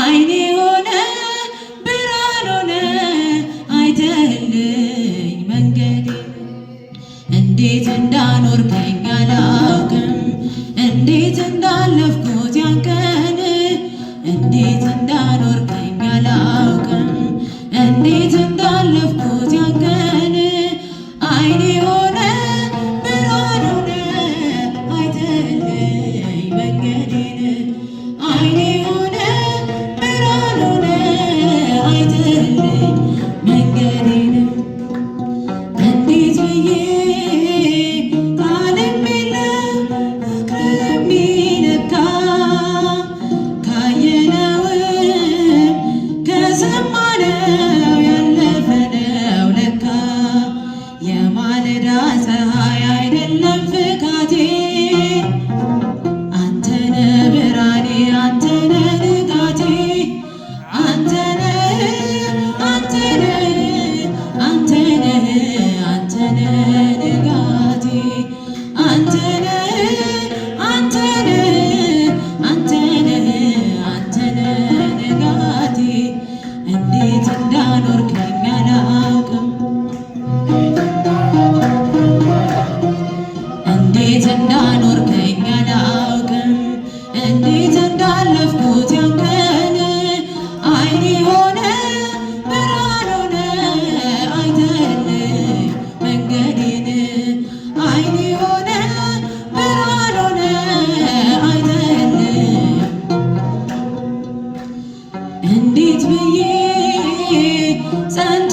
አይኔ ሆነ ብርሃን ሆነ አይተህልኝ መንገዴ እንዴት እንዳኖርከኝ አላውቅም እንዴት እንዳለፍኩት ያንቀን እንዴት እንዳኖር እንዴት ብዬ ጸንቶ